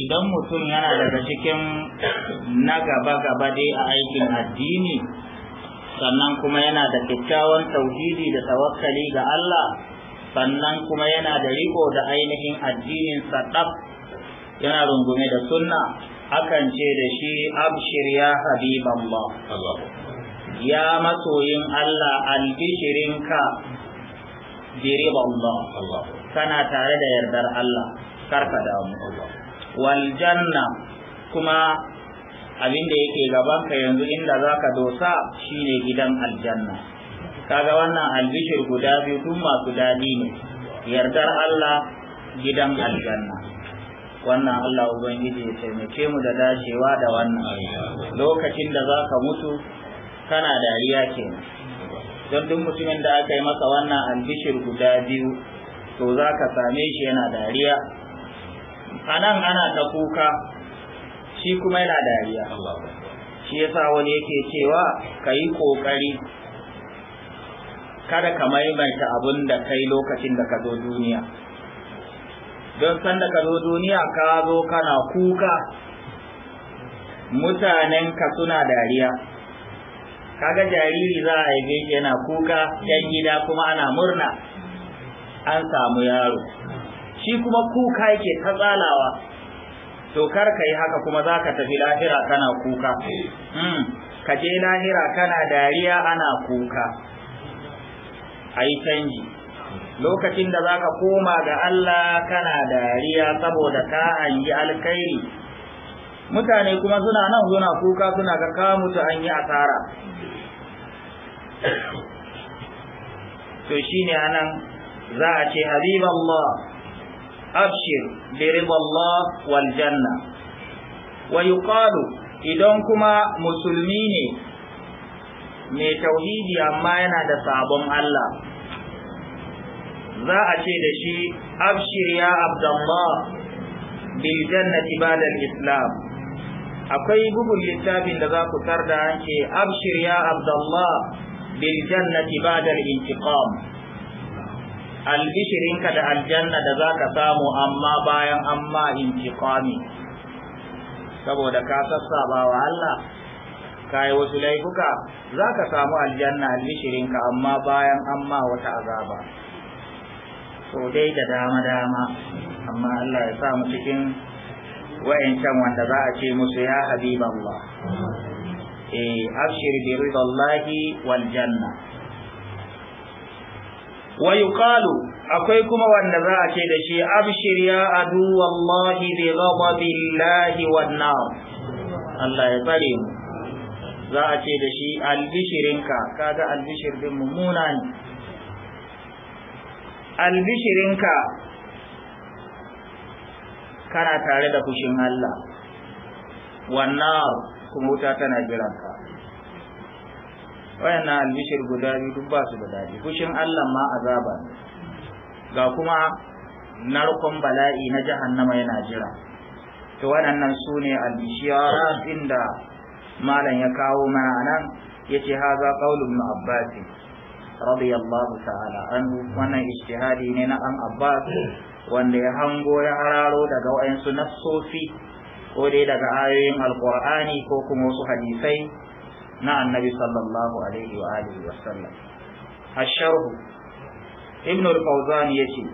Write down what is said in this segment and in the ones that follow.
idan mutum yana daga cikin na gaba-gaba dai a aikin addini sannan kuma yana da kyakkyawan tauhidi da tawakkali ga Allah sannan kuma yana da riko da ainihin addinin sadaf yana rungume da sunna akan ce da shi abshir ya habiballah ya masoyin Allah albishirinka diriballah kana tare da yardar Allah karka damu wal janna kuma abin da yake ka yanzu inda zaka dosa shine gidan aljanna kaga wannan albishir guda biyu tun masu dadi ne yardar Allah gidan aljanna wannan Allah ubangiji ya taimake mu da dacewa da wannan lokacin da zaka mutu kana dariya kenan don duk mutumin da aka yi masa wannan albishir guda biyu to zaka same shi yana dariya anan ana ta kuka shi kuma yana dariya shi yasa wani yake cewa ka yi kada ka maimaita abin da kai lokacin da ka zo duniya don san da ka zo duniya ka zo kana kuka mutanen ka suna dariya kaga jariri za a haife yana kuka yan gida kuma ana murna an samu yaro shi kuma kuka yake ta tsalawa to kar ka yi haka kuma za ka tafi lahira kana kuka hmm. ka je lahira kana dariya ana kuka a yi canji lokacin da za ka koma ga Allah kana dariya saboda ka an yi alkairi mutane kuma suna nan suna kuka suna ga ka mutu an yi asara to shine anan za a ce habiballah abshir bi ridallah wal janna wa yuqalu idan kuma musulmi ne mai tauhidi amma yana da sabon Allah za a ce da shi abshir ya abdallah bil jannati ba'da islam akwai bugun littafin da za ku tarda an ce abshir ya abdallah bil jannati ba'da intiqam albishirinka da aljanna da zaka samu amma bayan amma intiqami saboda ka sassaba wa Allah yi wasu laifuka za ka samu aljanna albishirinka amma bayan amma wata azaba so dai da dama dama amma Allah ya samu cikin wayancan wanda za a ce musu ya habiballah eh abshir bi ridallahi wal janna wa yuqalu akwai kuma wanda za a ce da shi abshir ya adu wallahi bi ghadabillahi wan nar Allah ya tsare mu za a ce da shi albishirinka kaga albishir din mummuna ne albishirinka kana tare da fushin Allah wannan kuma wuta tana jiranka wayanna albishir guda biyu duk ba su da daɗi fushin Allah ma azaba ga kuma narkon bala'i na jahannama yana jira to waɗannan su ne albishiyara inda malam ya kawo mana anan yace haza qaulu mu abbasi radiyallahu ta'ala anhu wannan ijtihadi ne na an abbas wanda ya hango ya hararo daga wayansu nassofi ko dai daga ayoyin alqur'ani ko kuma wasu hadisai na annabi sallallahu alaihi wa alihi wa sallam asharhu ibn al-fawzan yace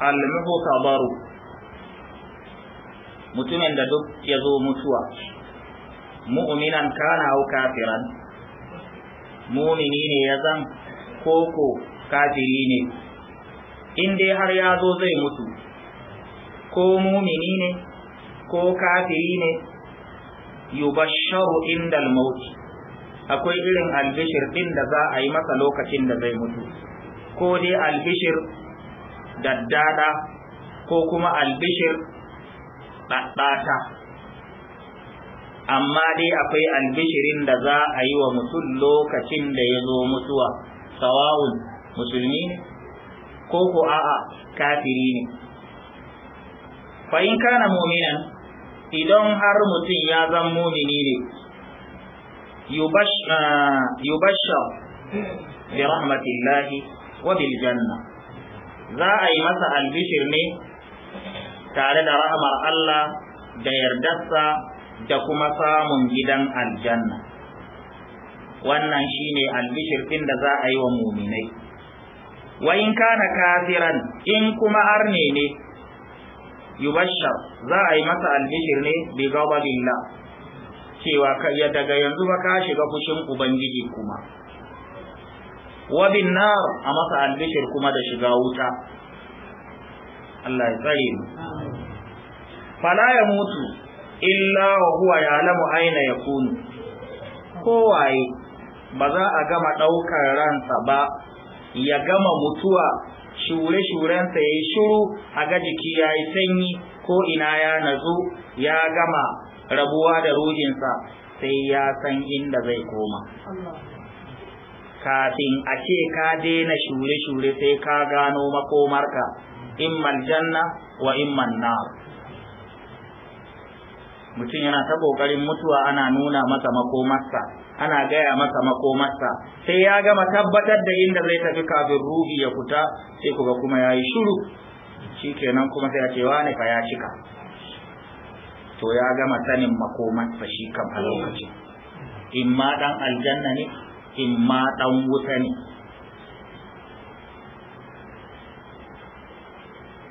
al-muhtabaru mutumin da duk ya zo mutuwa mu'minan kana au kafiran mu'mini ne ya zan koko kafiri ne in dai har ya zo zai mutu ko mu'mini ne ko kafiri ne yubashsharu indal mauti akwai irin albishir din da za a yi masa lokacin da zai mutu ko dai albishir daddada ko kuma albishir ɗaɗɗata amma dai akwai albishirin da za a yi wa mutum lokacin da ya zo mutuwa sawa'un musulmi ne ko ko a'a kafiri ne fa in kana mu'minan idan har mutum ya zan mumini ne yubashar bi rahmatillahi wa bil janna za a yi masa albishir ne tare da rahmar Allah da yardarsa da kuma samun gidan aljanna wannan shine albishir din da za a yi wa muminai wa in kana kafiran in kuma har ne yubashar za a yi masa albishir ne bi gabalillah cewa ya daga yanzu ba ka shiga fushin ubangiji kuma wabin nar a masa albishir kuma da shiga wuta Allah ya tsare mu fala ya mutu illa wa huwa ya'lamu aina yakunu kowaye ba za a gama ɗaukar ransa ba ya gama mutuwa shure-shurensa ya yi shuru a ga jiki ya yi sanyi ko ina ya nazo ya gama rabuwa da ruhinsa sai ya san inda zai koma kafin a ce ka daina shure-shure sai ka gano makomarka in maljanna wa in manna. mutum yana ta kokarin mutuwa ana nuna masa makomarsa ana gaya masa makomarsa sai ya gama tabbatar da inda zai tafi kafin ruhi ya kuta, sai kuga kuma ya yi shuru Shi kenan kuma sai a ce ne fa ya cika to ya gama sanin makomarsa shi kam a lokacin in ma dan aljanna ne in ma dan wuta ne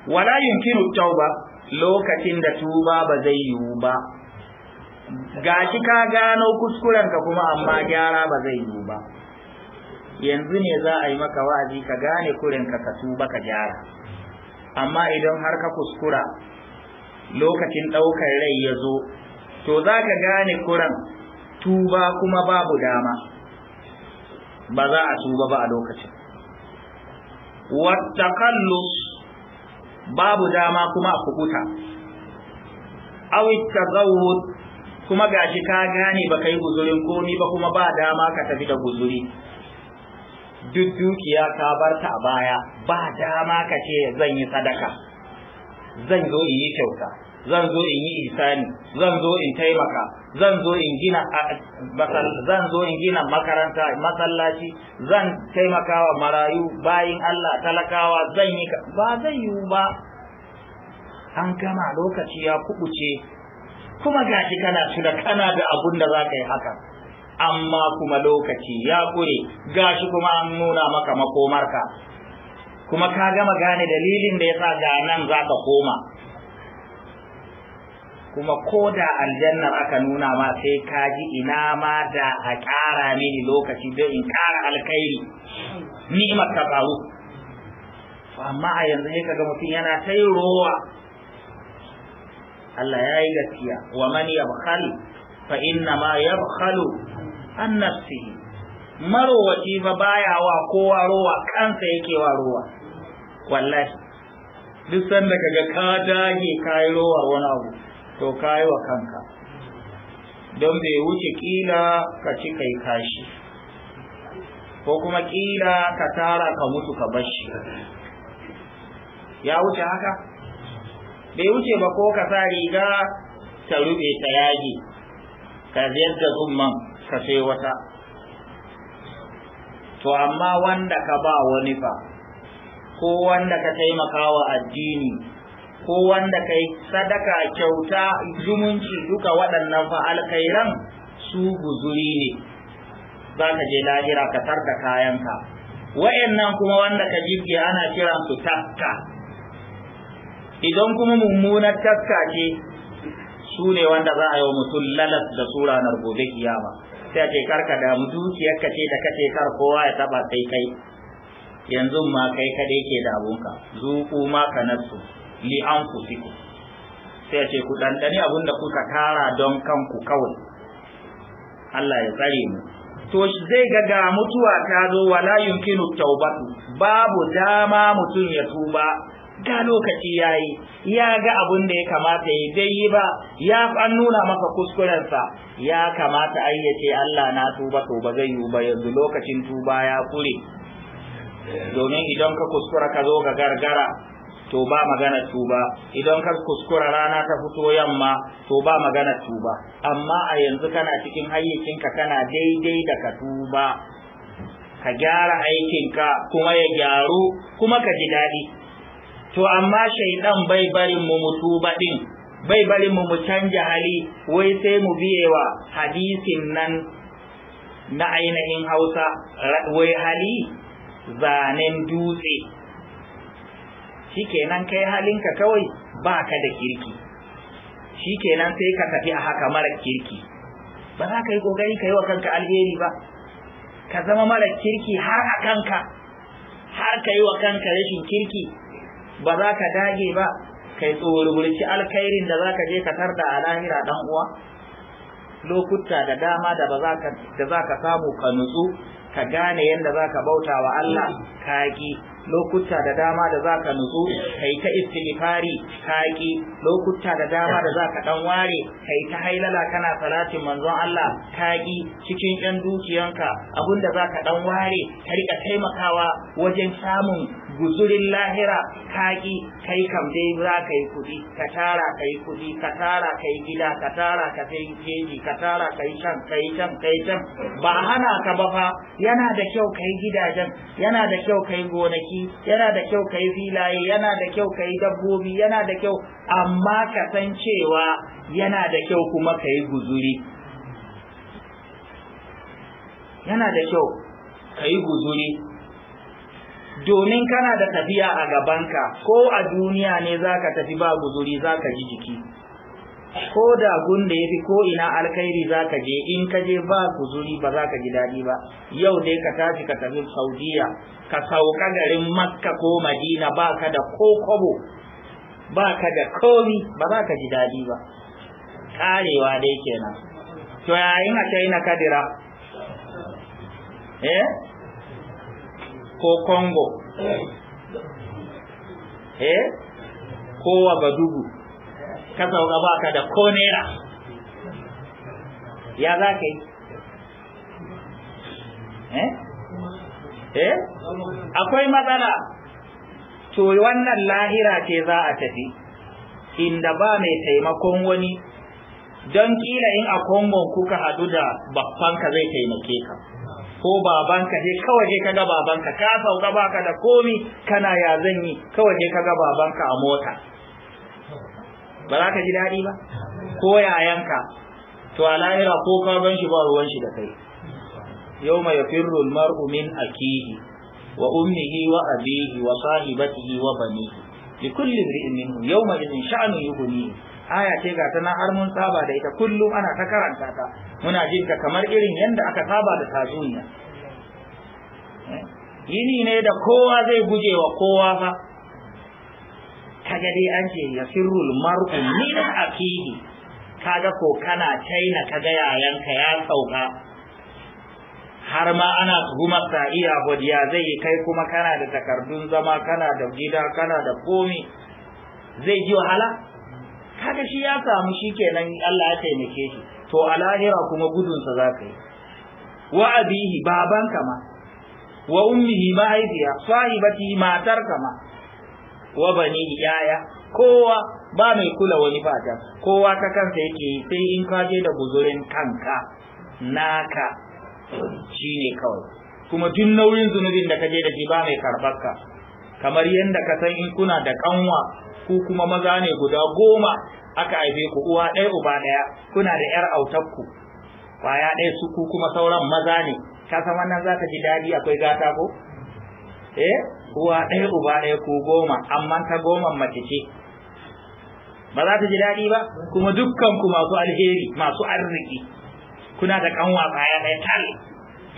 wala yunkiru tauba lokacin da tuba ba zai yiwu ba gashi ka gano kuskuren ka kuma amma gyara ba zai yiwu ba yanzu ne za a yi maka wa'azi ka gane kurinka ka tuba ka gyara amma idan har ka kuskura lokacin ɗaukar rai ya zo to za ka gane kuran tuba kuma babu dama ba za a tuba ba a lokacin watakallus babu dama kuma a kukuta awit tazawwud kuma gashi ka gane ba kai guzurin komi ba kuma ba dama ka tafi da guzuri duk dukiya ka barta a baya ba dama ka ce zan yi sadaka zan zo in yi kyauta zan zo in yi isani zan zo in taimaka zan zo in gina zan zo in gina makaranta masallaci zan taimakawa marayu bayin Allah talakawa zan yi ba zan yiwu ba an gama lokaci ya kubuce kuma gashi kana tuna kana da abun da za ka yi haka amma kuma lokaci ya kure gashi kuma an nuna maka makomarka kuma ka gama gane dalilin da yasa ga nan za ka koma kuma ko da aljannar aka nuna ma sai ka ji ina ma da a ƙara mini lokaci don in ƙara alkhairi ni'imar ta faru amma a yanzu ne ga mutum yana ta yi rowa Allah ya yi gaskiya wa man yabkhal fa inna ma yabkhalu an nafsihi marowaci fa baya wa kowa rowa kansa yake wa rowa wallahi duk sanda kaga ka dage kayi rowar wani abu to yi wa kanka don bai wuce kila ka ci kai kashi ko kuma kila ka tara ka mutu ka bashi ya wuce haka bai wuce ba ko ka sa riga ta rube ta yage ka ziyar da zumman ka sai wata to amma wanda ka ba wani fa ko wanda ka taimaka wa addini ko wanda ka yi sadaka kyauta zumunci duka waɗannan fa alkhairan su guzuri ne za ka je lahira ka tarka kayanka wa'annan kuma wanda ka jibge ana kiran su taska idan kuma mummunar taska ce su ne wanda za a yi wa mutum lalas da su ranar gobe kiyama sai a ce karka damu dukiyar ka ce da kace kar kowa ya taɓa sai kai yanzu ma kai kadai ke da abunka zuku ma kanassu li an fusiku sai ce ku ɗanɗani abun da kuka tara don kanku kawai Allah ya tsare mu to zai ga ga mutuwa ta zo wala yumkinu taubatu babu dama mutum ya tuba ga lokaci yayi ya ga abun da ya kamata yi dai yi ba ya an nuna maka kuskurensa ya kamata ayyace Allah na tuba to ba zai yi ba yanzu lokacin tuba ya kure domin idan ka kuskura ka zo ga gargara to ba magana tuba idan ka kuskura rana ta fito yamma to ba magana tuba amma a yanzu kana cikin ka kana daidai da ka tuba ka gyara aikinka kuma ya gyaru kuma ka ji daɗi to amma shaidan bai barin mu mutu baɗin bai barin mu mu canja hali wai sai mu biyewa hadisin nan na ainihin hausa wai hali zanen dutse shikenan kai halinka kawai baka da kirki shikenan sai ka tafi a haka mara kirki ba za ka yi kokari ka yi wa kanka alheri ba ka zama mara kirki har a kanka har ka yi wa kanka rashin kirki ba za ka dage ba kai tsorurci alkhairin da za ka je ka tarda a lahira dan uwa lokuta da dama da ba za ka samu ka nutsu ka gane yadda za ka bauta wa Allah kaki lokuta da dama da za ka nutsu ka yi ta istighfari kaki lokuta da dama da za ka dan ware yi ta hailala kana salatin manzon Allah kaki cikin yan dukiyanka abinda za ka dan ware ka rika taimakawa wajen samun guzurin lahira kaki kai kam dai za ka yi kuɗi ka tara ka yi kuɗi ka tara ka yi gida ka tara ka kai keji ka tara ka yi can ka yi can ka yi can ba hana ka ba fa yana da kyau ka yi gidajen yana da kyau ka yi gonaki yana da kyau ka yi filaye yana da kyau ka yi dabbobi yana da kyau amma ka san cewa yana da kyau kuma ka yi guzuri yana da kyau ka yi guzuri domin kana da tafiya a gabanka ko a duniya ne za ka tafi ba guzuri za ka ji jiki ko da gunda ya fi ko ina alkhairi za ka je in ka je ba guzuri ba za ka ji daɗi ba yau dai ka tafi ka tafi saudiya ka sauka garin makka ko madina ba ka da ko kobo ba ka da komi ba za ka ji daɗi ba karewa dai kenan to yayin a china kadira eh ko congo eh ko wagadugu ka sauka ka da ko ya za eh eh akwai matsala to wannan lahira ce za a tafi inda ba mai taimakon wani don kila in a kongon kuka hadu da ka zai taimake ka ko babanka dai kawai dai kaga babanka ka sauka baka da komi kana ya zan yi kawai dai kaga babanka a mota ba za ka ji daɗi ba ko yayanka to a lahira ko ka gan shi ba ruwan shi da kai yau mai firru mar'u min akihi wa ummihi wa abihi wa sahibatihi wa banihi likulli kulli imrin yawma idin sha'nu yughnihi aya ce ga ta har mun saba da ita kullum ana ta karanta ta muna jin ta kamar irin yadda aka saba da tatsuniya eh? yini ne da kowa zai guje wa kowa fa kaga dai an ce sirrul mar'u min akidi kaga ko kana taina kaga yayanka ya sauka har ma ana tuhumar ta iya godiya zai yi kai kuma kana da takardun zama kana da gida kana da komi zai ji wahala kaga shi ya samu shi kenan Allah ya taimake shi to a lahira kuma gudunsa za ka yi wa abihi babanka ma wa ummihi mahaifiya sahibati matar ma wa bani yaya kowa ba mai kula wani fata kowa ta kansa yake yi sai in ka je da guzurin kanka naka shine kawai kuma duk nauyin zunubin da ka je da shi ba mai karɓar ka kamar yadda ka san in kuna da kanwa ku kuma maza ne guda goma aka haife ku uwa ɗaya uba ɗaya kuna da ƴar autarku kwaya ɗaya su ku kuma sauran maza ne ka san wannan za ka ji daɗi akwai gata ko eh uwa ɗaya uba ɗaya ku goma amma ta goma mace ce ba za ta ji daɗi ba kuma dukkan ku masu alheri masu arziki kuna da kanwa kwaya ɗaya tal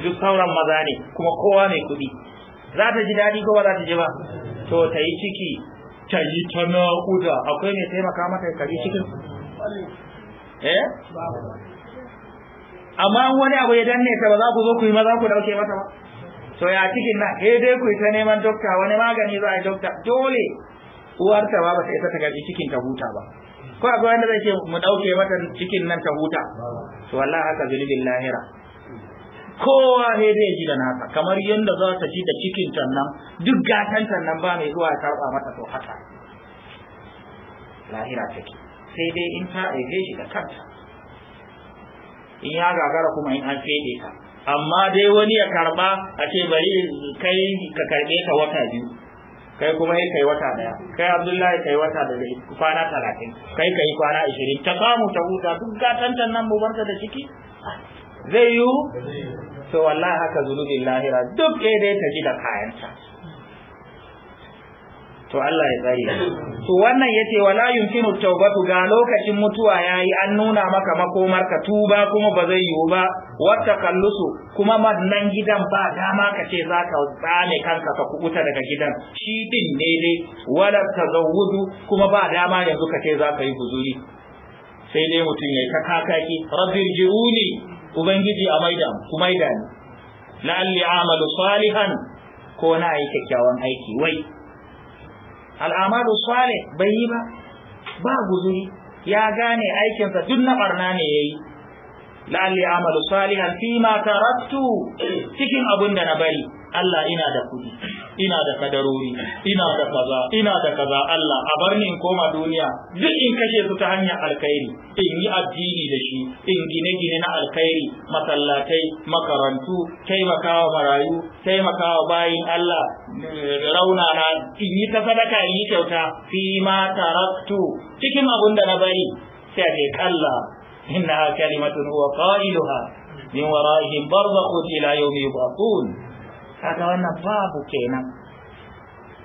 duk sauran maza ne kuma kowa mai kuɗi za ta ji daɗi ko ba za ta ji ba to ta yi ciki ta yi ta naƙuda akwai mai taimaka mata ya kari cikin eh amma wani abu ya danne ta ba za ku zo ku yi maza ku dauke mata ba to ya cikin nan eh dai ku yi ta neman dokta wani magani za a yi dokta dole uwar ta ba ba ta isa ta gaji cikin ta huta ba ko akwai wanda zai ce mu dauke mata cikin nan ta huta to wallahi haka zulubin lahira kowa sai zai ji da nasa kamar yadda za ta ji da cikin nan duk gatan nan ba mai zuwa ya karɓa mata to haka lahira take sai dai in ta aihe shi da kanta in ya gagara kuma in an fede ka amma dai wani ya karɓa a ce bari kai ka karɓe ka wata biyu kai kuma yi kai wata daya kai abdullahi kai wata da kwana talatin kai ka yi kwana ashirin ta samu ta huta duk gatantan nan mu barka da ciki zai yiwu to wallahi haka zunubin lahira duk ɗaya dai ta ji da kayanta to Allah ya tsare to wannan yace wala yumkinu tawbatu ga lokacin mutuwa yayi an nuna maka makomar ka tuba kuma ba zai yiwu ba wata kallusu kuma nan gidan ba dama ka ce za ka tsame kanka ka kubuta daga gidan shi din ne dai wala tazawwudu kuma ba dama yanzu ka ce za ka yi huzuri sai dai mutum ya kakaki rabbi ji'uni ubangiji a maida ku maida ni la'alli amalu salihan ko na yi kyakkyawan aiki wai Al'amadu salih bai yi ba ba guzuri ya gane aikinsa duk na barna ne yayi la'alli amalu salihan fi ma taraktu cikin abin da na bari Allah ina da kudi ina da kadarori ina da kaza ina da kaza Allah a bar ni in koma duniya duk in kashe su ta hanyar alkhairi in yi addini da shi in gine-gine na alkhairi masallatai makarantu taimakawa marayu taimakawa bayin Allah rauna na in yi ta sadaka in yi kyauta fi ma taraktu cikin abun da na bari sai a ce kalla innaha kalimatun huwa qailuha min wara'ihim barzakhu ila yawmi yub'athun kaga wannan babu kenan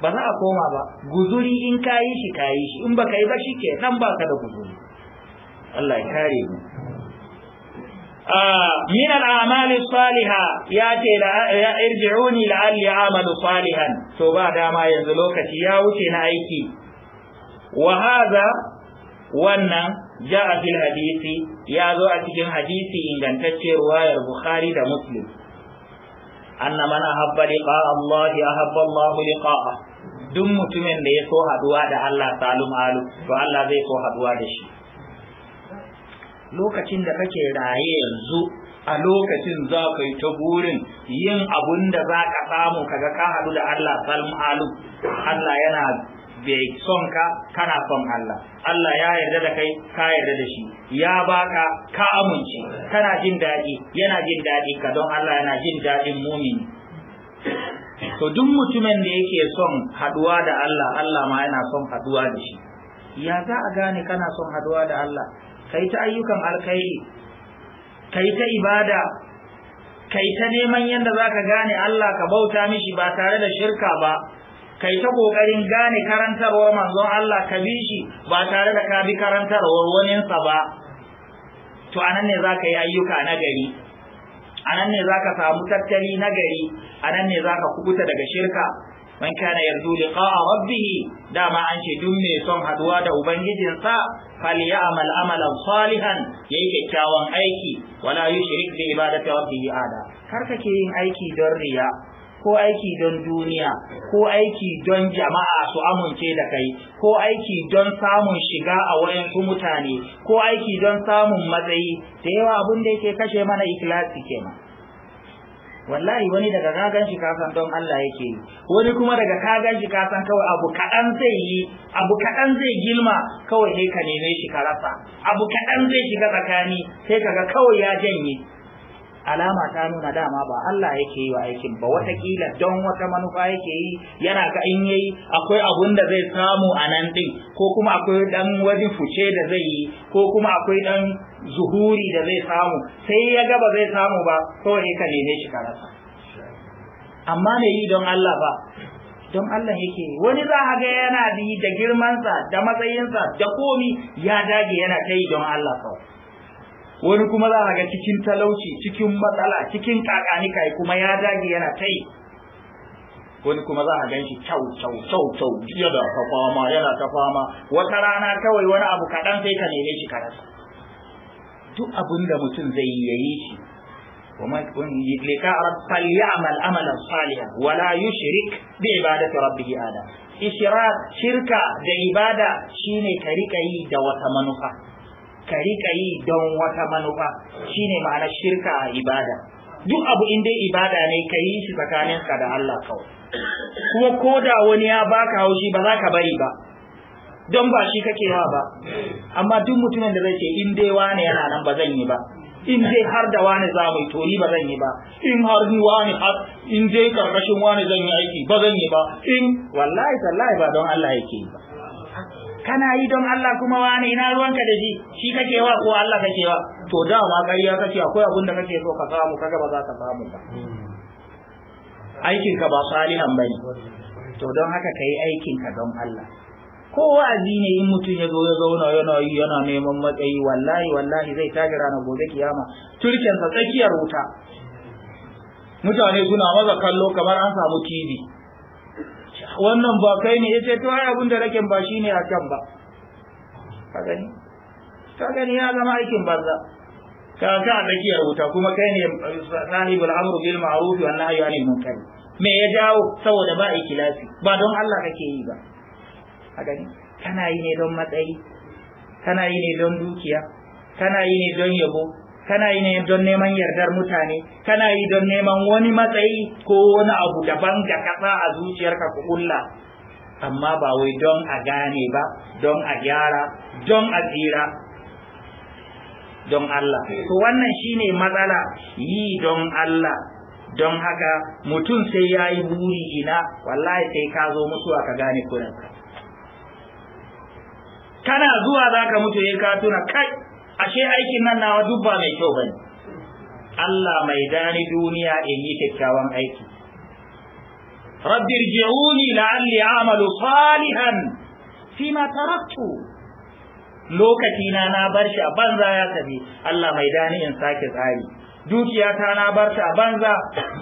ba za a koma ba guzuri in kayi shi kayi shi in baka yi ba shi ke nan baka da guzuri Allah ya kare mu ah, min al saliha ya ce ya irji'uni la'alli amalu salihan to ba dama yanzu lokaci ya wuce na aiki wa hadha wannan ja'a fil hadisi ya zo a cikin hadisi ingantacce ruwayar bukhari da muslim anna man ahabba liqa Allah ahabba Allah liqa'a duk mutumin da ya so haduwa da Allah salum alu to Allah zai so haduwa da shi lokacin da kake raye yanzu a lokacin za ka yi ta burin yin abun da za ka samu kaga ka haɗu da Allah salum alu Allah yana bai son ka kana son Allah Allah ya yarda da kai ka yarda da shi ya baka ka amince kana jin daɗi yana jin daɗi ka don Allah yana jin daɗin mumini to duk mutumin da yake son haduwa da Allah Allah ma yana son haduwa da shi ya za a gane kana son haduwa da Allah kai ta ayyukan alkhairi kai ta ibada kai ta neman yadda zaka gane Allah ka bauta mishi ba tare da shirka ba kai ta kokarin gane karantarwar manzon Allah ka bi shi ba tare da ka bi karantarwar waninsa ba to anan ne za ka yi ayyuka na gari anan ne za ka samu tattali na gari anan ne za ka kubuta daga shirka man kana yarju liqa'a rabbih dama an ce duk mai son haduwa da ubangijinsa falyamal amalan salihan yayi kyakkyawan aiki wala yushrik bi ibadati rabbih ada kar ke yin aiki don riya ko aiki don duniya ko aiki don jama'a su amince da kai ko aiki don samun shiga a su mutane ko aiki don samun matsayi da yawa abin da yake kashe mana ikilasi kenan wallahi wani daga kagan shi san don Allah yake yi wani kuma daga kagan shi san kawai abu kaɗan zai yi abu kaɗan zai girma kawai sai ka neme shi ka rasa abu kaɗan zai shiga tsakani sai kaga kawai ya janye alama ta nuna dama ba Allah yake yi wa aikin ba watakila don wata manufa yake yi yana ga in yayi akwai abun da zai samu a nan din ko kuma akwai dan wani fuce da zai yi ko kuma akwai dan zuhuri da zai samu sai ya ga ba zai samu ba ne ka neme shi ka amma ne yi don Allah ba don Allah yake wani za a ga yana da girmansa da matsayinsa da komi ya dage yana kai don Allah kawai wani kuma za a ga cikin talauci cikin matsala cikin kakanika kuma ya dage yana ta yi wani kuma za a gan shi kyau kyau kyau kyau yana ta fama yana ta fama wata rana kawai wani abu kaɗan sai ka neme shi ka rasa duk abin da mutum zai yi yayi shi lika fal ya'mal amalan salihan wala yushrik bi ibadati rabbih ada ishrak shirka da ibada shine ka rika yi da wata manufa ka rika yi don wata manufa shine ma'anar shirka a ibada duk abu in dai ibada ne ka yi shi ka da Allah kawai kuma ko da wani ya baka haushi ba za ka bari ba don ba shi kake yawa ba amma duk mutumin da zai ce in dai wani yana nan ba zan yi ba in dai har da wani za mu to ni ba zan yi ba in har ni wani har in dai karkashin wani zan yi aiki ba zan yi ba in wallahi tallahi ba don Allah yake yi ba kana yi don Allah kuma wani ina ruwanka da shi shi kake wa ko Allah kake wa to da ma ya kace akwai abun da kake so ka samu kaga ba za ka samu ba aikin ka ba salihan bane to don haka kai aikin ka don Allah ko wa'azi ne in mutum ya zo ya zauna yana yi yana neman matsayi wallahi wallahi zai tashi ranar gobe kiyama sa tsakiyar wuta mutane suna maza kallo kamar an samu TV wannan ba kai ne yace to ai abin da raken ba shine a can ba ka gani ka gani ya zama aikin banza ka ka a tsakiyar wuta kuma kai ne eh, sahibul amru bil ma'ruf wa nahyi anil munkar me ya jawo saboda ba ikhlasi ba don Allah kake yi ba ka gani kana yi ne don matsayi kana yi ne don dukiya kana yi ne don yabo kana yi ne don neman yardar mutane kana yi don neman wani matsayi ko wani abu daban da kasa a zuciyarka ku kulla amma ba wai don a gane ba don a gyara don a tsira don Allah to wannan shine matsala yi don Allah don haka mutum sai ya yi buri ina wallahi sai ka zo mutuwa ka gane kuranka kana zuwa za ka mutu ya ka tuna kai ashe aikin nan nawa duk ba mai kyau bane Allah mai dani duniya in yi kyakkyawan aiki rabbi irji'uni la'alli a'malu salihan fima taraktu lokaci na na bar shi a banza ya tafi Allah mai dani in sake tsari dukiya ta na bar a banza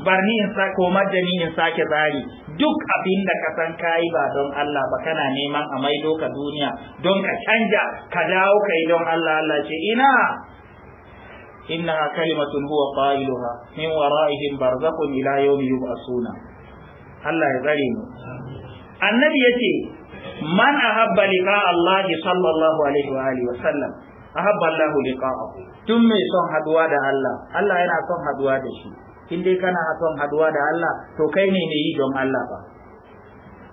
barni in sake komar da ni in sake tsari duk abin da ka san kayi ba don Allah ba kana neman a maido ka duniya don ka canja ka dawo kai don Allah Allah ce ina innaha kalimatun huwa qailuha min wara'ihim barzakhun ila yawmi yub'asuna Allah ya tsare mu annabi yace man ahabba liqa Allah sallallahu alaihi wa alihi wa sallam ahabba Allah liqa'ahu tun mai son haɗuwa da Allah Allah yana son haɗuwa da shi in dai kana son haduwa da Allah to kai ne mai yi don Allah ba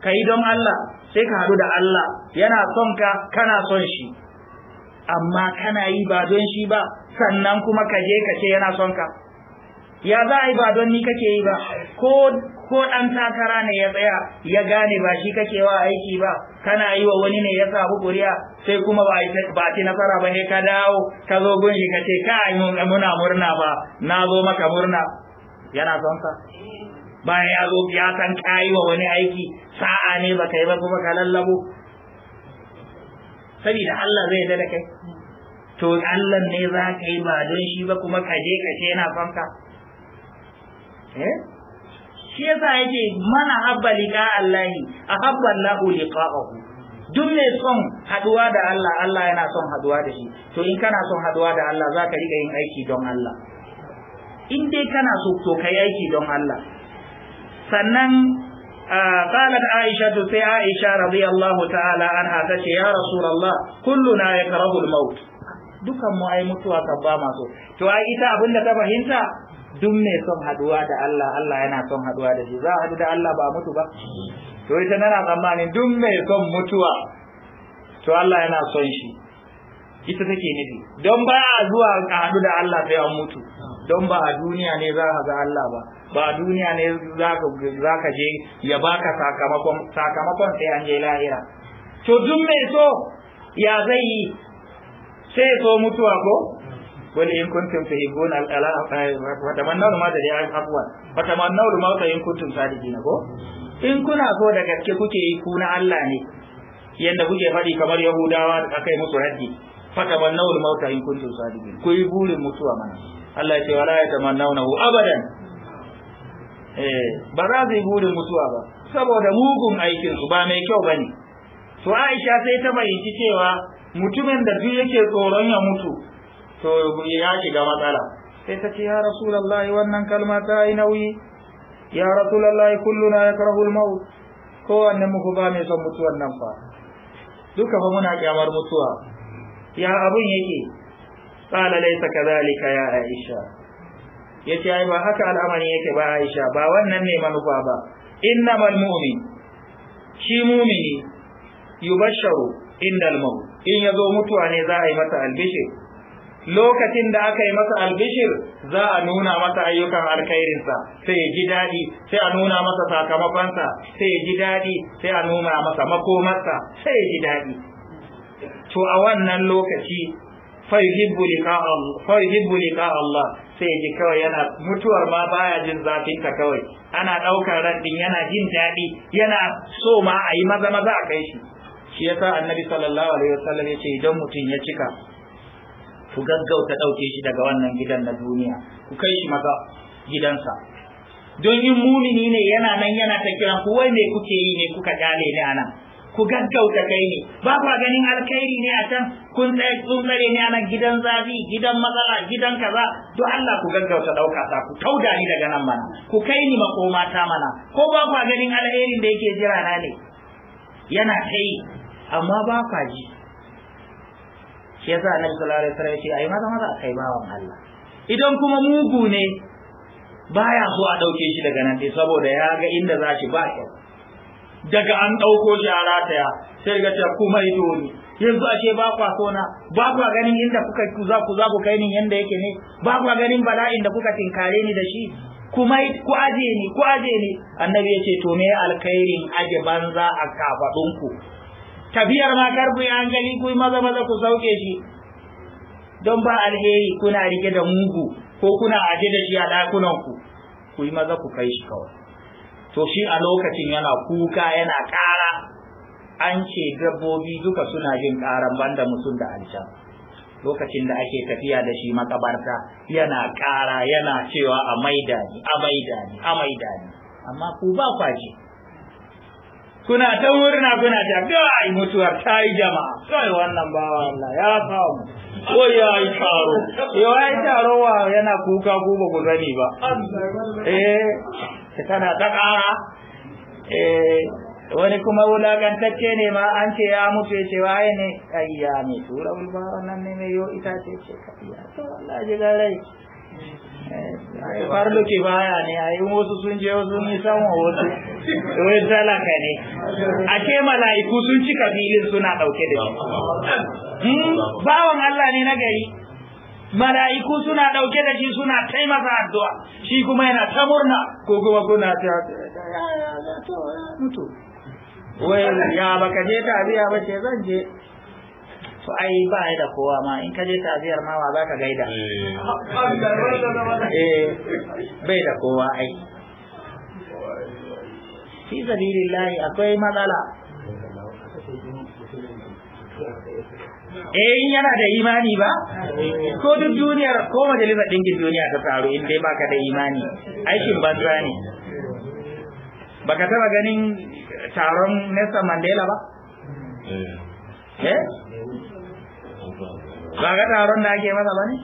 kai don Allah sai ka hadu da Allah yana son ka kana son shi amma kana yi ba don shi ba sannan kuma ka je ka ce yana son ka ya za a yi ba don ni kake yi ba ko ko ɗan takara ne ya tsaya ya gane ba shi kake wa aiki ba kana yi wa wani ne ya samu kuriya sai kuma ba ba ci nasara ba ne? ka dawo ka zo gunji ka ce ka muna murna ba na zo maka murna yana son sa bayan ya zo ya san kayi wa wani aiki sa'a ne ba kai ba kuma ka lallabo saboda Allah zai da kai to Allah ne za ka yi ba don shi ba kuma ka je ka ce yana son ka eh shi yasa yake mana habba liqa Allahi ahabba Allahu liqa'ahu duk mai son haduwa da Allah Allah yana son haduwa da shi to in kana son haduwa da Allah za ka riga yin aiki don Allah in dai kana so to kai aiki don Allah sannan قالت عائشة سي عائشة رضي الله تعالى عنها تشي يا رسول الله كلنا يكره الموت dukan mu ai mutuwa kan ba masu to ai ita abinda ta fahimta duk mai son haduwa da Allah Allah yana son haduwa da shi za a haɗu da Allah ba mutu ba to ita tana tsammanin duk mai son mutuwa to Allah yana son shi ita take nufi don ba a zuwa a haɗu da Allah sai an mutu don ba a duniya ne za ka ga Allah ba ba a duniya ne za ka je ya baka sakamakon sakamakon sai an je lahira to duk mai so ya zai yi sai so mutuwa ko wani in kuntum tuhibbuna al-ala wa tamannaw ma da ya afwa wa tamannaw ma ta in kuntum sadiqina ko in kuna so da gaske kuke yi kuna Allah ne yanda kuke faɗi kamar Yahudawa da aka yi musu raddi fa tamannaw da mauta in kuntum sadiqin ku yi burin mutuwa mana Allah ya ce wala ya tamannawnahu abadan eh ba za su yi burin mutuwa ba saboda mugun aikin su ba mai kyau bane to Aisha sai ta bayyana cewa mutumin da duk yake tsoron ya mutu to ya shiga matsala sai ta ce ya rasulullahi wannan kalma ta yi nauyi ya rasulullahi kulluna al maut kowanne muku ba mai son mutuwan nan fa duka fa muna kyamar mutuwa ya abun yake qala laysa kadhalika ya aisha yace ai ba haka al'amari yake ba aisha ba wannan ne manufa ba innamal mu'min shi mu'mini yubasharu indal maut in yazo mutuwa ne za a yi masa albishir lokacin da aka yi masa albishir za a nuna masa ayyukan alkhairinsa sai ya ji daɗi sai a nuna masa sakamakonsa sai ya ji daɗi sai a nuna masa makomarsa sai ya ji daɗi to a wannan lokaci fayuhibbu liqa Allah sai ji kawai yana mutuwar ma baya jin zafin ta kawai ana daukar ran din yana jin dadi yana so ma a yi maza maza a kai shi shi yasa annabi sallallahu alaihi wasallam yace idan mutum ya cika ku gaggauta dauke shi daga wannan gidan na duniya ku kai shi maza gidansa don yin mumini ne yana nan yana ta kiran ku wai me kuke yi ne kuka gane ni anan ku gaggauta kai ne ba kwa ganin alkhairi ne a can kun tsaye tsumare ne a gidan zafi gidan matsala gidan kaza to Allah ku gaggauta ɗauka ta ku tauda ni daga nan mana ku kai ni makoma ta mana ko ba kwa ganin alherin da yake jira na ne yana kai amma ba kwa ji shi yasa annabi sallallahu alaihi wasallam ya ce ayi maza maza kai bawan Allah idan kuma mugu ne baya so a ɗauke shi daga nan sai saboda ya ga inda za shi ba kyau daga an ɗauko shi a rataya sai ga ta kuma ido ne yanzu ashe ba kwa sona ba kwa ganin inda kuka za ku za ku kai ni yanda yake ne ba kwa ganin bala'in da kuka tinkare ni da shi kuma ku aje ni ku aje ni annabi ya ce to me alkhairin aje banza a ku tafiyar ma kar ya an ku maza maza ku sauke shi don ba alheri kuna rike da mugu ko kuna aje da shi a ɗakunanku ku yi maza ku kai shi kawai to shi a lokacin yana kuka yana ƙara an ce dabbobi duka suna jin ƙaran banda mutum da aljan lokacin da ake tafiya da shi makabarta yana ƙara yana cewa a maidani ni a maidani ni a maidani ni amma ku ba kwaji kuna ta murna kuna ta gai mutuwar ta yi jama'a kai wannan bawa Allah ya samu ko ya yi taro ya yi taro wa yana kuka ko ba ku sani ba eh tana ta ƙara eh, wani kuma wulagantacce ne ma an ce ya mutu ya ce waye ne ayya mai tura wulba nan ne mai yo ita ce ce kariya to Allah ji garai eh, ai farlu ki baya ne ai wasu sun je wasu ni san wasu wai talaka ne a ce mala'iku sun cika filin suna dauke da shi hmm, bawan Allah ne na gari mala'iku suna ɗauke da shi suna taimaka addu'a shi kuma yana ta murna ko kuma kuna ta mutu wai ya baka je ta biya ba ce zan je to ai ba ai da kowa ma in ka je tabiyar ma wa zaka gaida eh. eh bai da kowa ai fi sabilillahi akwai matsala eh in yana da imani ba ko duk duniyar ko majalisar ɗinkin duniya ta taru in dai baka da imani aikin banza ne baka taba ganin taron nesa Mandela ba eh. eh ba ga taron da ake masa ba ne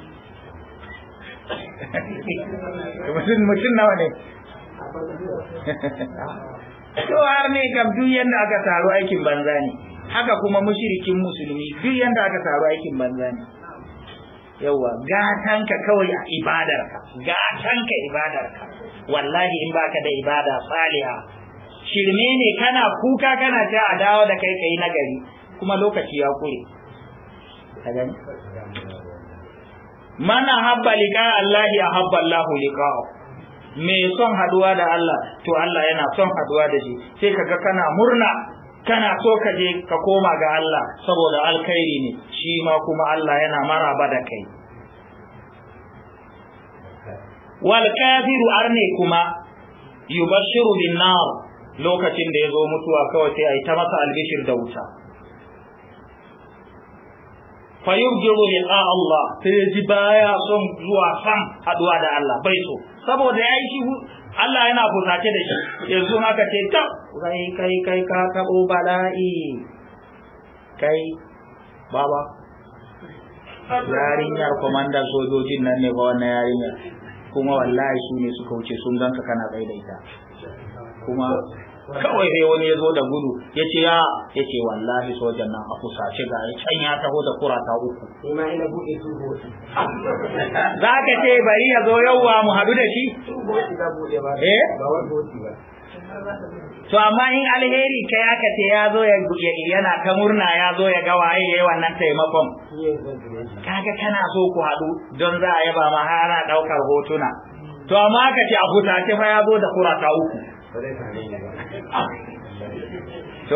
mutum mutum nawa ne to har ne kam duk yadda aka taro aikin banza ne haka kuma mushirikin musulmi duk yanda aka taru aikin banza ne yawa ka kawai a ibadar ka. ka ibadar ka. wallahi in baka da ibada saliha shirme ne kana kuka kana ta a dawo da kai kai nagari kuma lokaci ya kure mana habba liqa Allah ya habba Allah liqa me son haduwa da Allah to Allah yana son haduwa da shi sai kaga kana murna kana so ka je ka koma ga Allah saboda alkhairi ne shi ma kuma Allah yana maraba da kai wal kafiru arne kuma yubashiru bin nar lokacin da yazo mutuwa kawai sai ai ta masa albishir da wuta fayubjiru li Allah sai ji baya son zuwa san haduwa da Allah bai so saboda yayi shi Allah yana fusace da shi yanzu haka ce ta kai kai kai ka tabo bala'i kai baba yarinyar kwamandan sojojin nan ne ba wannan yarinyar kuma wallahi su ne suka wuce sun ganka kana tsaye da ita kuma kawai sai wani ya zo da gudu ya ce ya ya ce wallahi sojan nan a kusace ga can ya taho da kurata uku za ka ce bari ya zo yauwa mu haɗu da shi eh? to amma in alheri ka ya kace ya zo ya yana ta murna ya zo ya ga waye yayi wannan taimakon kaga kana so ku haɗu don za a yaba ma har ɗaukar hotuna to amma ka ce a ce fa ya zo da kurata uku to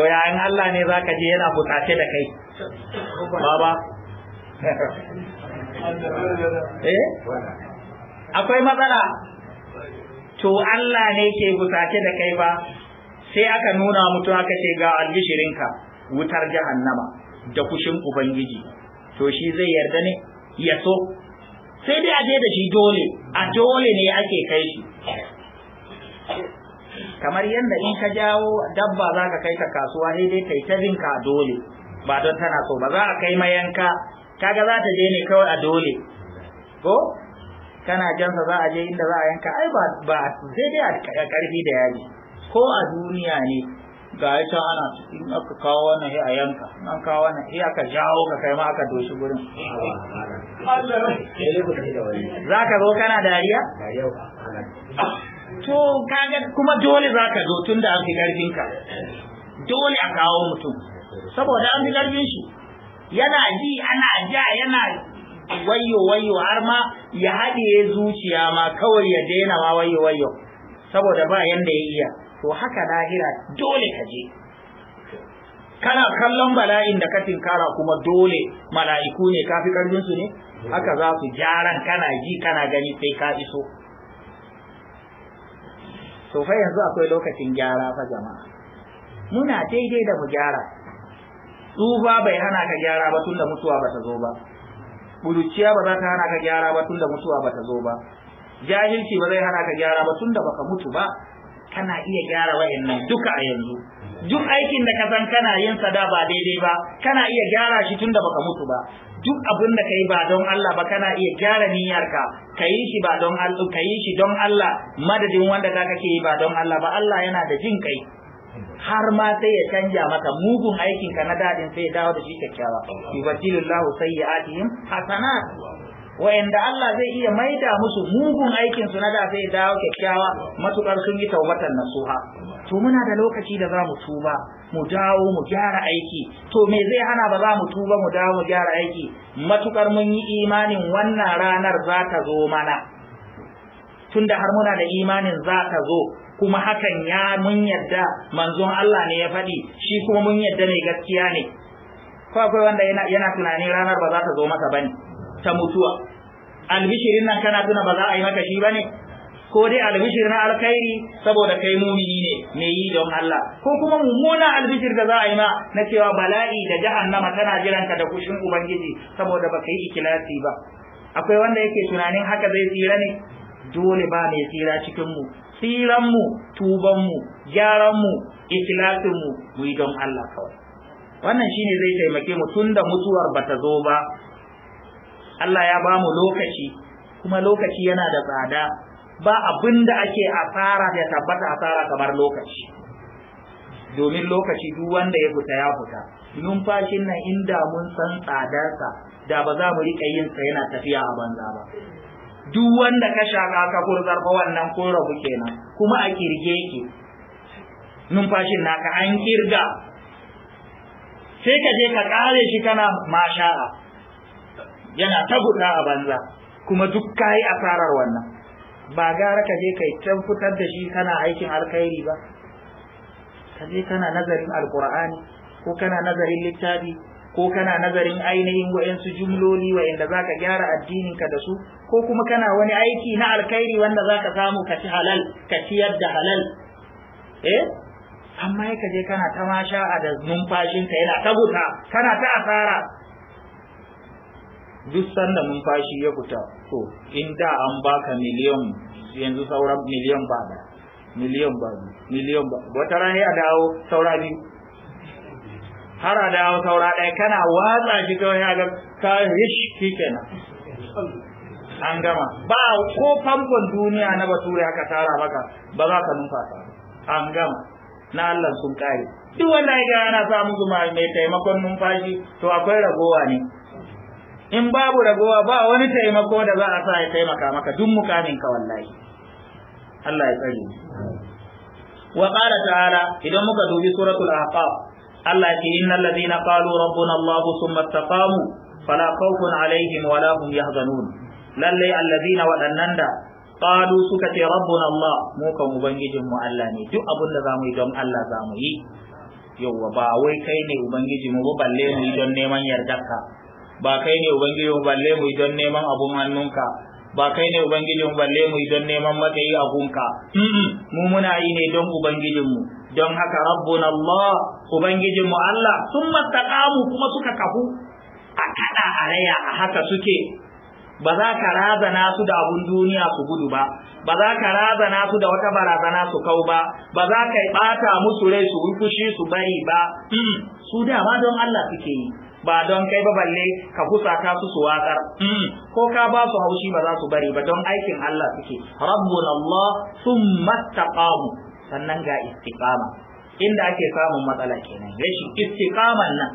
ya in Allah ne za ka je yana bukace da kai baba eh akwai matsala to Allah ne ke bukace da kai ba sai aka nuna mutu aka ce ga wutar jahannama da kushin ubangiji to shi zai yarda ne ya so sai dai aje je da shi dole a dole ne ake kai shi kamar yadda in ka jawo dabba za ka kai ta kasuwa ne dai kai ta bin ka dole ba don tana so ba za a kai mayanka kaga za ta je ne kawai a dole ko kana jansa za a je inda za a yanka ai ba ba sai dai a karfi da yaji ko a duniya ne ga ita ana in aka kawo wannan sai a yanka an kawo wannan sai aka jawo ka kai ma aka doshi gurin za ka zo kana dariya to kaga kuma dole za ka zo tun da an fi karfin ka dole a kawo mutum saboda an fi karfin shi yana ji ana ja yana wayo wayo har ma ya haɗiye zuciya ma kawai ya daina ma wayo wayo saboda ba yanda ya iya to haka lahira dole ka je kana kallon bala'in da ka tinkara kuma dole mala'iku ne kafi karfin su ne haka za su jaran kana ji kana gani sai ka iso to fa yanzu akwai lokacin gyara fa jama'a muna daidai da mu gyara tsufa bai hana ka gyara ba tunda mutuwa ba ta zo ba buruciya ba za ta hana ka gyara ba tunda mutuwa ba ta zo ba jahilci ba zai hana ka gyara ba tunda baka mutu ba kana iya gyara wa'annan duka a yanzu duk aikin da ka san kana yin sa da ba daidai ba kana iya gyara shi tunda baka mutu ba duk abin da kai ba don Allah ba kana iya gyara niyyarka ka yi shi ba don Allah ka shi don Allah madadin wanda za kake yi ba don Allah ba Allah yana da jin kai har ma sai ya canja maka mugun aikin ka na dadin sai ya dawo da shi kyakkyawa yubatilullahu sayyi'atihim hasanat wa'anda Allah zai iya maida musu mugun aikin su na da sai ya dawo kyakkyawa matukar sun yi taubatan nasuha to muna da lokaci da za mu tuba mu dawo mu gyara aiki to me zai hana ba za mu tuba mu dawo mu gyara aiki matukar mun yi imanin wannan ranar za ta zo mana tunda har muna da imanin za ta zo kuma hakan ya mun yadda manzon Allah ne ya faɗi shi kuma mun yadda ne gaskiya ne ko akwai wanda yana tunanin ranar ba za ta zo masa bane ta mutuwa albishirin nan kana tuna ba za a yi maka shi bane ko dai albishir na alkhairi saboda kai mumini ne me yi don Allah ko kuma mummuna albishir da za a yi ma na cewa bala'i da jahannama tana jiran ka da kushin ubangiji saboda baka yi ikilasi ba akwai wanda yake tunanin haka zai tsira ne dole ba mai tsira cikin mu tsiran mu tuban mu gyaran mu ikilasin mu mu don Allah kawai wannan shine zai taimake mu tunda mutuwar bata zo ba Allah ya ba mu lokaci kuma lokaci yana da tsada ba abin da ake asara ya tabbata asara kamar lokaci domin lokaci duk wanda ya fita ya fita numfashin nan inda mun san tsadarsa da ba za mu riƙa yin sa yana tafiya a banza ba duk wanda ka shaka ka kurzar ba wannan ko rabu kenan kuma a kirge ki numfashin naka an kirga sai ka je ka kare shi kana masha'a yana ta guda a banza kuma duk kayi asarar wannan ba gara ka je kai can fitar da shi kana aikin alkhairi ba ka je kana nazarin alkur'ani ko kana nazarin littafi ko kana nazarin ainihin wa'yansu jumloli wa'yanda za ka gyara addininka da su ko kuma kana wani aiki na alkhairi wanda za ka samu ka ci halal ka ci da halal eh amma ka je kana ta masha'a da numfashinka yana ta kana ta asara duk sanda numfashi ya fita to in da an baka miliyan yanzu sauran miliyan ba da miliyan ba miliyan ba wata ran ya dawo saura biyu har a dawo saura ɗaya kana watsa shi kawai ya ga ka shi kenan an gama ba ko famfon duniya na bature haka tara maka ba za ka numfasa an gama na Allah sun kare duk wanda ya gaya na samun zuma mai taimakon numfashi to akwai ragowa ne in babu ragowa ba wani taimako da za a sa ya taimaka maka duk mukamin ka wallahi Allah ya tsare wa qala ta'ala idan muka dubi suratul ahqaf Allah ya ce innal ladina qalu rabbuna Allah thumma istaqamu fala khawfun alaihim wala hum yahzanun lalle alladina wadannan da qalu suka ce rabbuna Allah mu kan ubangijin mu Allah ne duk abin da zamu yi don Allah zamu yi yauwa ba wai kai ne ubangiji mu ba balle mu don neman yardarka ba kai ne ubangijin balle mu don neman abun hannunka ba kai ne ubangijin balle mu don neman matsayi a gunka mu muna yi ne don ubangijinmu don haka rabbuna Allah ubangijinmu Allah sun mattaqamu kuma suka kafu a kada a raya a haka suke ba za ka razana su da abun duniya su gudu ba ba za ka razana su da wata barazana su kau ba ba za ka bata musu rai su fushi su bari ba su da ma don Allah suke yi ba don kai ba balle ka ka su su watsar hmm. ko ka ba su haushi ba za su bari ba don aikin Allah suke rabbuna Allah thumma taqamu sannan ga istiqama inda ake samun matsala kenan rashin istiqama nan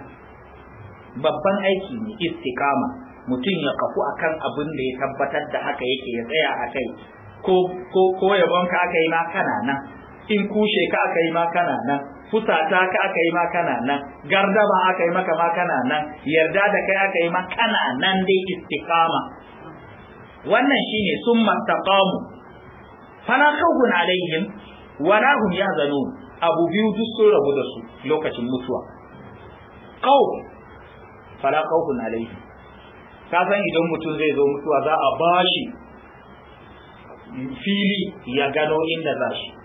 babban aiki ne istiqama mutum ya kafu akan abin da ya tabbatar da haka yake ya tsaya a kai ko ko ko yabon ka aka yi ma kana nan in kushe ka aka yi ma kana nan fusata ka aka yi ma kana nan gardaba aka yi maka ma kana nan yarda da kai aka yi ma kana nan dai istiqama wannan shine summa taqamu fala khawfun alaihim wala hum yahzanun abu biyu duk sun rabu da su lokacin mutuwa qaw fala khawfun alaihim ka san idan mutum zai zo mutuwa za a bashi fili ya gano inda za shi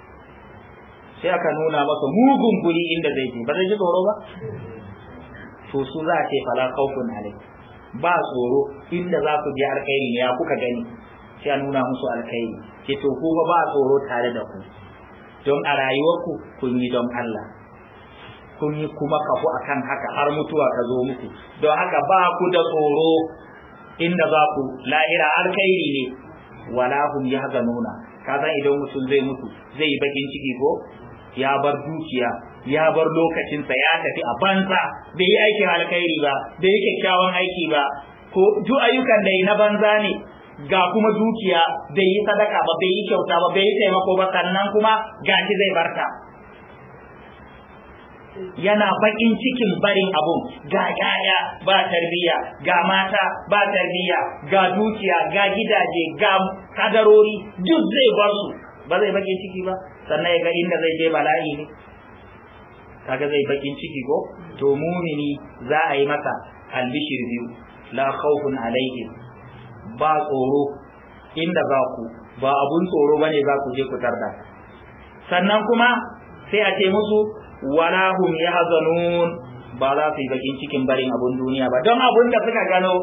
sai aka nuna masa mugun guri inda zai je ba zai ji tsoro ba to su za ce fala khawfun alai ba tsoro inda za ku je alkhairi ya kuka gani sai a nuna musu alkhairi ke to ku ba tsoro tare da ku don a rayuwarku kun yi don Allah kun yi kuma kafu akan haka har mutuwa ka zo muku don haka ba ku da tsoro inda za ku lahira alkhairi ne wala hum yahzanuna kaza idan mutum zai mutu zai yi bakin ciki ko ya bar dukiya ya bar lokacinsa ya tafi a banza bai yi aikin alkhairi ba bai yi kyakkyawan aiki ba ko duk ayyukan da yi na banza ne ga kuma dukiya bai yi sadaka ba bai yi kyauta ba bai yi taimako ba sannan kuma gashi zai barta yana bakin cikin barin abun ga yaya ba tarbiyya, ga mata ba tarbiyya, ga dukiya ga gidaje ga kadarori duk zai bar su ba zai bakin ciki ba sannan ya ga inda zai je bala'i ne kaga zai bakin ciki ko to mumini za a yi masa albishir biyu la khawfun alaihim ba tsoro inda za ku ba abun tsoro bane za ku je ku tarda sannan kuma sai a ce musu wala hum yahzanun ba za su yi bakin cikin barin abun duniya ba don abun da suka gano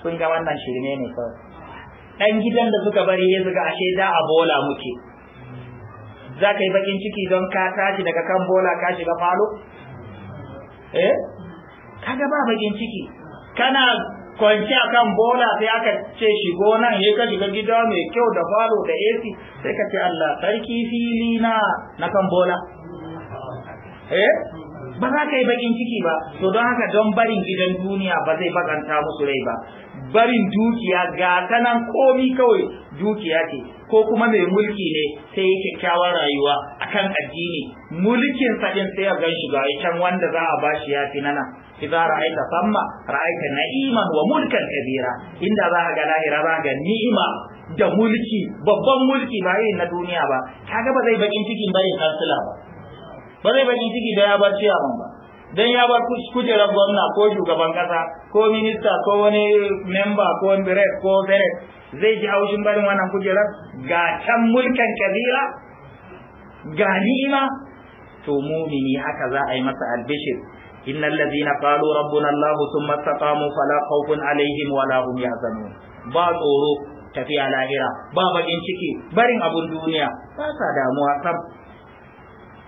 sun ga wannan shirme ne kawai dan gidan da suka bari ya suka ashe da a bola muke za ka yi bakin ciki don ka tashi daga kan bola ka shiga falo eh kaga ba bakin ciki kana kwanci a kan bola sai aka ce shigo nan ya ka shiga gida mai kyau da falo da ac sai ka ce allah sarki fili na na kan bola eh ba za ka yi bakin ciki ba to don haka don barin gidan duniya ba zai bakanta musu rai ba barin dukiya ga ta nan komi kawai dukiya ce ko kuma mai mulki ne sai ya kyakkyawar rayuwa akan addini mulkin sadin sai ya gan shi ga can wanda za a bashi ya fi nana idan ra'aita samma ra'aita na'iman wa mulkan kabira inda za ka ga lahira za ga ni'ima da mulki babban mulki ba irin na duniya ba kaga ba zai bakin cikin bare kansila ba ba zai bakin ciki da ya bar ciyawan ba dan ya bar kujerar gwamna ko shugaban kasa ko minista ko wani memba ko wani ko senate zai ji haushin barin wannan kujerar ga can mulkan kabira ga Nima. to mumini haka za a yi masa albishir innal na qalu rabbuna allah thumma istaqamu fala khawfun alaihim wala hum yahzanun ba tsoro tafiya lahira ba bakin ciki barin abun duniya ba sa damuwa sab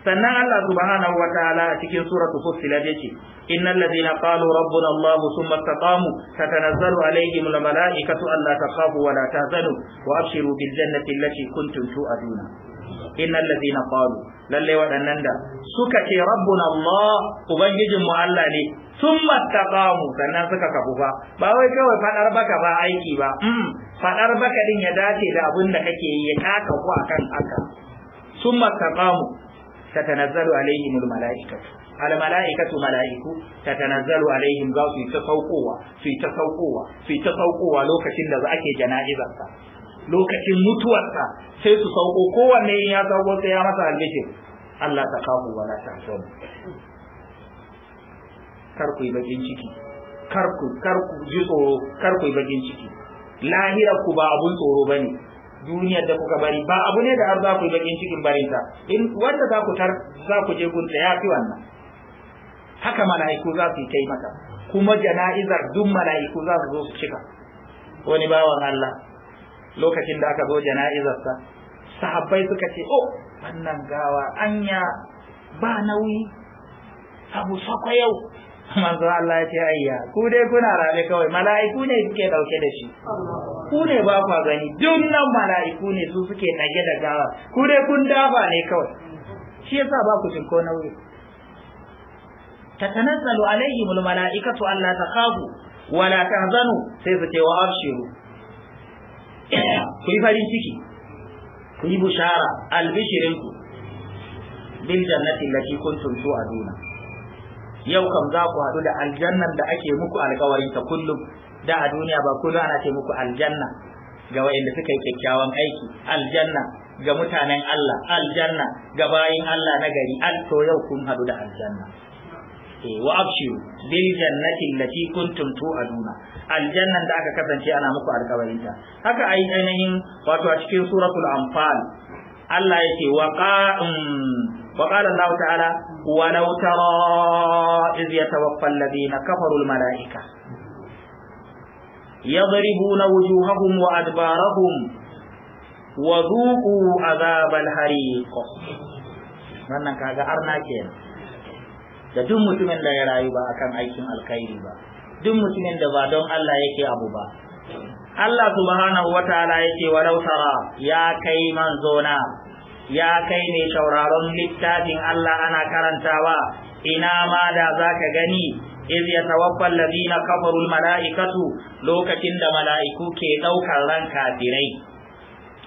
sannan Allah subhanahu wa ta'ala a cikin suratul fussilat yake innal ladina qalu rabbuna Allah thumma istaqamu tatanazzalu alaihim al malaikatu alla takhafu wa la tahzanu wa abshiru bil jannati allati kuntum tu'aduna innal ladina qalu lalle waɗannan da suka ce rabbuna Allah ubangijin mu Allah ne thumma istaqamu sannan suka kafu fa ba wai kawai fadar baka ba aiki ba mm, fadar baka din ya dace da abin da kake yi ya taka ku akan haka thumma istaqamu tatanazzalu alaihim almalaikatu almalaikatu malaiku tatanazzalu alaihim za su yi ta saukowa su su yi ta saukowa lokacin da ake jana'izar sa lokacin mutuwarsa sai su sauko kowanne in ya sauko sai ya masa albishir Allah ta kafu wala ta son kar ku yi bakin ciki tsoro kar ku yi lahira ku ba abun tsoro bane duniyar da kuka bari ba abu ne da har za ku yi bakin cikin barinta in wanda za ku tar za ku je gun ya fi wannan haka mala'iku za su yi kai maka kuma jana'izar duk mala'iku za su zo su cika wani bawan Allah lokacin da aka zo jana'izar sa sahabbai suka ce oh wannan gawa anya ba nauyi abu sakwa yau manzo Allah ya ce ayya ku dai kuna rabe kawai mala'iku ne suke dauke da shi ku ne ba ku gani duk nan mala'iku ne su suke tage da gawa ku dai kun dafa ne kawai shi yasa ba ku jinko nauyi tatanazzalu alaihim almala'ikatu alla takhafu wa la tahzanu sai su ce wa abshiru ku yi farin ciki ku yi bushara albishirinku bil jannati allati kuntum tu'aduna yau kam za ku haɗu da aljannan da ake muku alkawari ta kullum da a duniya ba kullum ana ce muku aljanna ga wa'inda suka yi kyakkyawan aiki aljanna ga mutanen Allah aljanna ga bayin Allah na gari al to yau kun haɗu da aljanna eh, wa abshiru bil jannati allati kuntum tu'aduna aljannan da aka kasance ana muku alkawarin ta haka ai ainihin wato a cikin suratul anfal Allah yake wa qa'um wa qala Allah ta'ala ولو ترى إذ يتوفى الذين كفروا الملائكة يضربون وجوههم وأدبارهم وذوقوا عذاب الحريق wannan kaga arna kenan da duk mutumin da ya rayu ba akan aikin alkhairi ba duk mutumin da ba don Allah yake abu ba Allah subhanahu wataala yake walau tara ya kai manzona ya kai ne shauraron littafin Allah ana karantawa ina ma da za ka gani iz ya tawaffal ladina kafarul mala'ikatu lokacin da mala'iku ke ɗaukar ran kafirai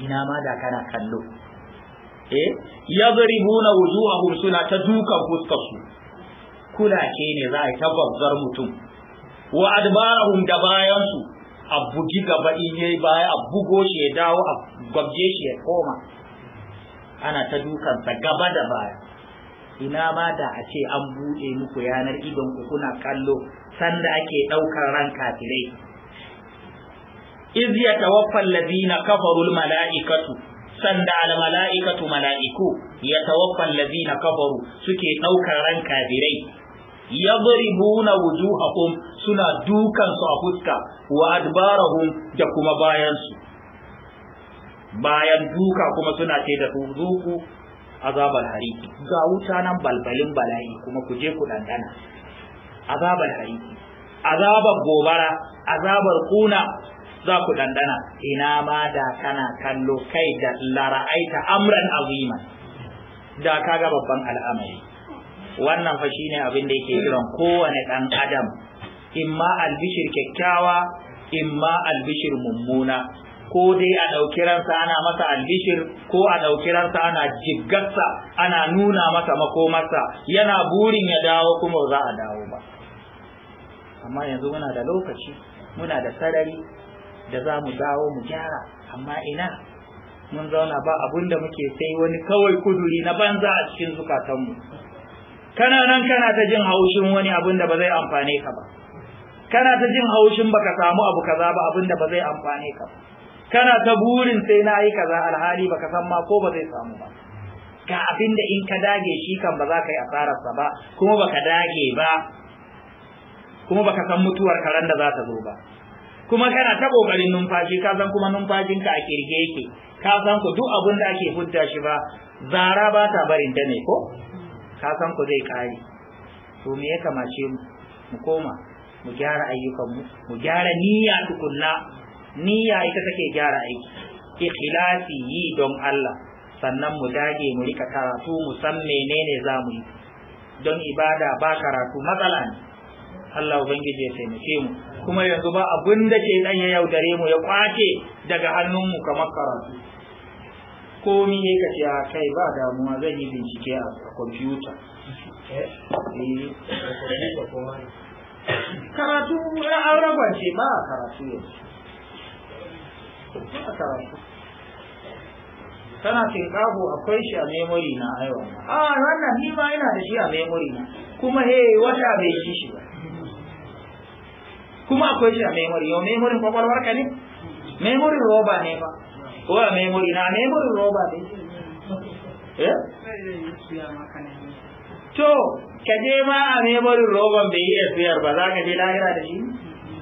ina ma da kana kallo eh Ya buna wujuhahum suna ta dukan fuskarsu. Kula ke ne za a tabbazar mutum wa adbarahum da bayan su a bugi gaba in yayi baya a bugo shi ya dawo a gwabje shi ya koma ana ta dukansa gaba da baya ina ma da a ce an buɗe muku yanar idon ku kuna kallo sanda ake ɗaukar ran kafirai iz ya tawaffal ladina kafarul mala'ikatu sanda al mala'ikatu mala'iku ya tawaffal ladina kafaru suke ɗaukar ran kafirai yadribuna wujuhahum suna dukan su a fuska wa adbarahum da kuma bayansu bayan duka kuma suna ce da zuku azabar hariki ga wuta nan balbalin bala'i kuma ku je ku ɗanɗana azabar hariki azabar gobara azabar kuna za ku ɗanɗana ina ma da kana kallo kai da lara'aita amran azima da ga babban al'amari wannan fa shine abin da yake kiran kowane ɗan adam imma albishir kyakkyawa imma albishir mummuna ko dai a ɗauki ransa ana masa albishir ko a ɗauki ransa ana jiggarsa ana nuna masa makomarsa yana burin ya dawo kuma za a dawo ba amma yanzu muna da lokaci muna da sarari da za mu dawo mu gyara amma ina mun zauna ba abun da muke sai wani kawai kuduri na banza a cikin zukatanmu kana nan kana ta jin haushin wani abun da ba zai amfane ka ba kana ta jin haushin baka samu abu kaza ba abun da ba zai amfane ka ba kana ta burin sai na yi kaza alhali baka san ma ko ba zai samu ba ga abin da in ka dage shi kan ba za ka yi asararsa ba kuma baka dage ba kuma baka san mutuwar karan da za ta zo ba kuma kana ta kokarin numfashi ka san kuma numfashinka a kirge yake ka san ku duk abin da ake hudda shi ba zara ba ta barin da ne ko ka san ku zai kare to me ya kamace mu mu koma mu gyara ayyukanmu mu gyara niyya tukunna niyya ita take gyara aiki ikhlasi yi don Allah sannan mu dage mu rika karatu mu san menene za yi don ibada ba karatu matsala ne Allah ubangiji ya taimake mu kuma yanzu ba abun da ke dan ya yaudare mu ya kwace daga hannunmu kamar karatu mi ne ka ce ah, kai ba damuwa zan yi bincike a kwamfuta eh, karatu a auren ba karatu yanzu a karatu tana tinkaho akwai shi a memory na aiwa a wannan ni ma yana da shi a memory na kuma he eh, wata bai shi shi ba kuma akwai shi a memory yau memory kwakwalwar ka ne memory roba ne ba ko a memory na memory roba ne eh? to ka je ma a memory roban bai yi siyar ba za ka je lahira da shi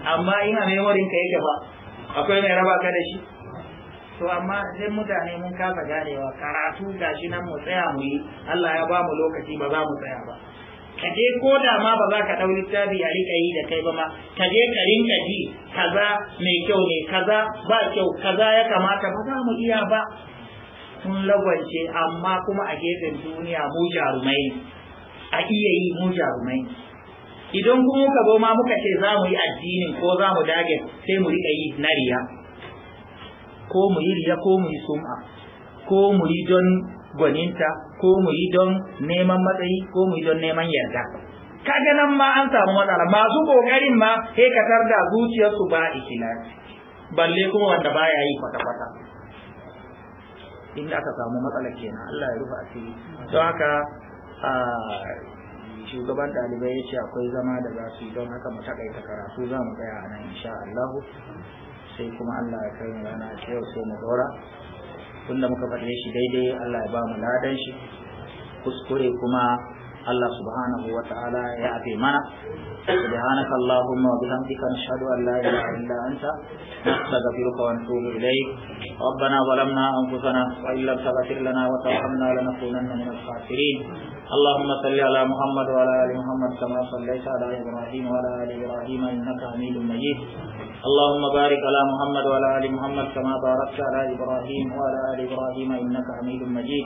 amma ina memory ka yake ba akwai mai raba ka da shi to amma sai mutane mun kasa ganewa karatu gashi nan mu tsaya mu yi Allah ya ba mu lokaci ba za mu tsaya ba ka je ko da ma ba za ka ɗau littafi a riƙa yi da kai ba ma ka je ka rinka ji kaza mai kyau ne kaza ba kyau kaza ya kamata ba za mu iya ba Mun lagwance amma kuma a gefen duniya mu jarumai a iya yi mu jarumai idan kuma muka zo ma muka ce za mu yi addinin ko za mu dage sai mu riƙa yi na riya ko mu yi riya ko mu yi sum'a ko mu yi don gwaninta ko mu yi don neman matsayi ko mu yi don neman yarda kaga nan ma an samu matsala masu kokarin ma sai ka tarda zuciyarsu ba ikila balle kuma wanda baya yi kwata-kwata inda aka samu matsala kenan Allah ya rufe asiri don haka ah, shugaban ɗalibai ya ce akwai zama da za su yi don haka mu taƙaita karatu za mu tsaya a nan insha Allah sai kuma Allah ya kai mu rana ta yau sai mu dora tunda muka faɗe shi daidai Allah ya ba mu ladan shi kuskure kuma الله سبحانه وتعالى يأتي منا سبحانك اللهم وبحمدك نشهد أن لا إله إلا أنت نستغفرك ونتوب إليك ربنا ظلمنا انفسنا وان لم تغفر لنا وترحمنا لنكونن من الخاسرين اللهم صل على محمد وعلى ال محمد كما صليت على ابراهيم وعلى ال ابراهيم انك حميد مجيد اللهم بارك على محمد وعلى ال محمد كما باركت على ابراهيم وعلى ال ابراهيم انك حميد مجيد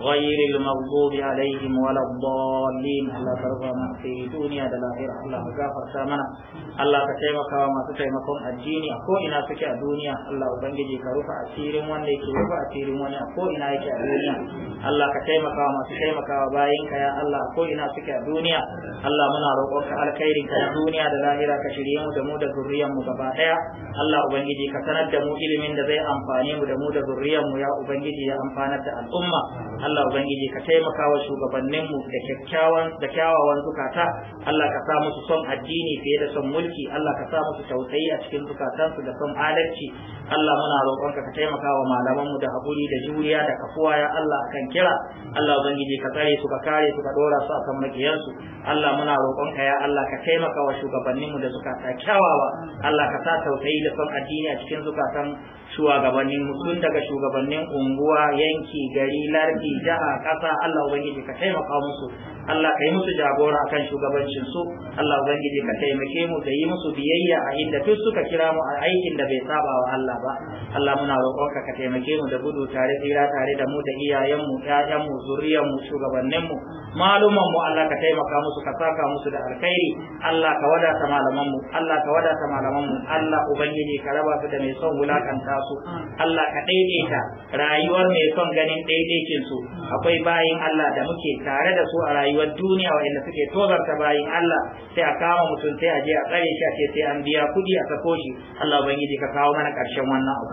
غير المغضوب عليهم ولا الضالين الله ترضى ما في دنيا da lahira Allah ka gafarta mana Allah ka taimaka masu taimakon addini a ko ina suke a duniya Allah ubangiji ka rufa asirin wanda yake rufa asirin wani a ko ina yake a duniya Allah ka taimaka wa masu taimakawa bayin ka ya Allah ko ina suke a duniya Allah muna roƙonka alkhairin ka duniya da lahira ka shirye mu da mu da zurriyan mu gaba Allah ubangiji ka sanar da mu ilimin da zai amfane mu da mu da zurriyan mu ya ubangiji ya amfanar da al'umma Allah ubangiji ka taimaka wa shugabannin mu da kyakkyawan da kyawawan zukata Allah ka sa musu son addini fiye da son mulki Allah ka sa musu tausayi a cikin zukatansu da son adalci Allah muna roƙonka ka taimaka wa malaman mu da haƙuri da juriya da kafuwa ya Allah kan kira Allah ubangiji ka tsare su ka kare su ka dora su akan makiyansu Allah muna roƙonka ya Allah ka taimaka wa shugabannin mu da zukata kyawawa Allah ka sa tausayi da son addini a cikin zukatan shugabannin mu tun daga shugabannin unguwa yanki gari lardi yanki jaha kasa Allah ubangiji ka taimaka musu Allah ka yi musu jagora akan shugabancin su Allah ubangiji ka taimake mu ka yi musu biyayya a inda duk suka kira mu a aikin da bai saba wa Allah ba Allah muna roƙonka ka taimake mu da gudu tare tsira tare da mu da iyayenmu mu, shugabannin mu, maluman mu Allah ka taimaka musu ka saka musu da alkhairi Allah ka wadata malaman mu Allah ka wadata malaman mu Allah ubangiji ka raba su da mai son wulakanta su Allah ka daidaita rayuwar mai son ganin daidaicin su akwai bayin Allah da muke tare da su a rayuwar duniya wanda suke tozarta bayin Allah sai a kama mutum sai a je a tsare shi a ce sai an biya kuɗi a sako shi Allah ubangiji ka kawo mana ƙarshen wannan abu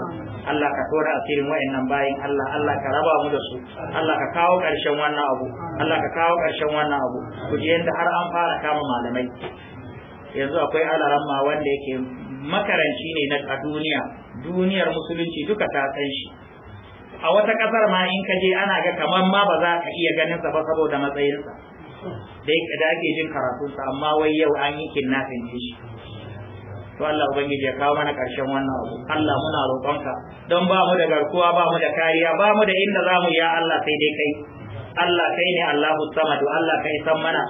Allah ka tora asirin wayannan bayin Allah Allah ka raba mu da su Allah ka kawo ƙarshen wannan abu Allah ka kawo karshen wannan abu ku je yanda har an fara kama malamai yanzu akwai ma wanda yake makaranci ne na duniya duniyar musulunci duka ta san shi a wata ƙasar ma in ka je ana ga kamar ma ba za ka iya ganin sa ba saboda matsayinsa da da ake jin karatunsa amma wai yau an yi kidnapping shi to Allah ubangiji ya kawo mana karshen wannan abu Allah muna roƙonka don ba mu da garkuwa ba mu da kariya ba mu da inda za mu ya Allah sai dai kai Allah kai ne Allahu samadu Allah kai san mana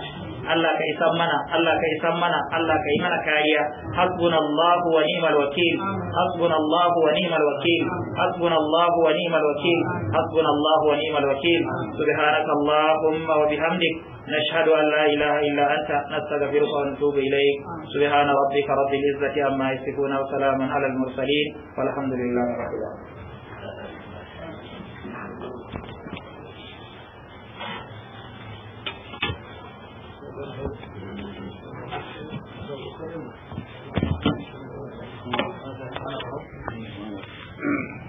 الله كي سمنا الله كي سمنا الله كي منا كاريا حسبنا الله ونعم الوكيل حسبنا الله ونعم الوكيل حسبنا الله ونعم الوكيل حسبنا الله ونعم الوكيل سبحانك اللهم وبحمدك نشهد ان لا اله الا انت نستغفرك ونتوب اليك سبحان ربك رب العزه عما يصفون وسلام على المرسلين والحمد لله رب العالمين Thank you.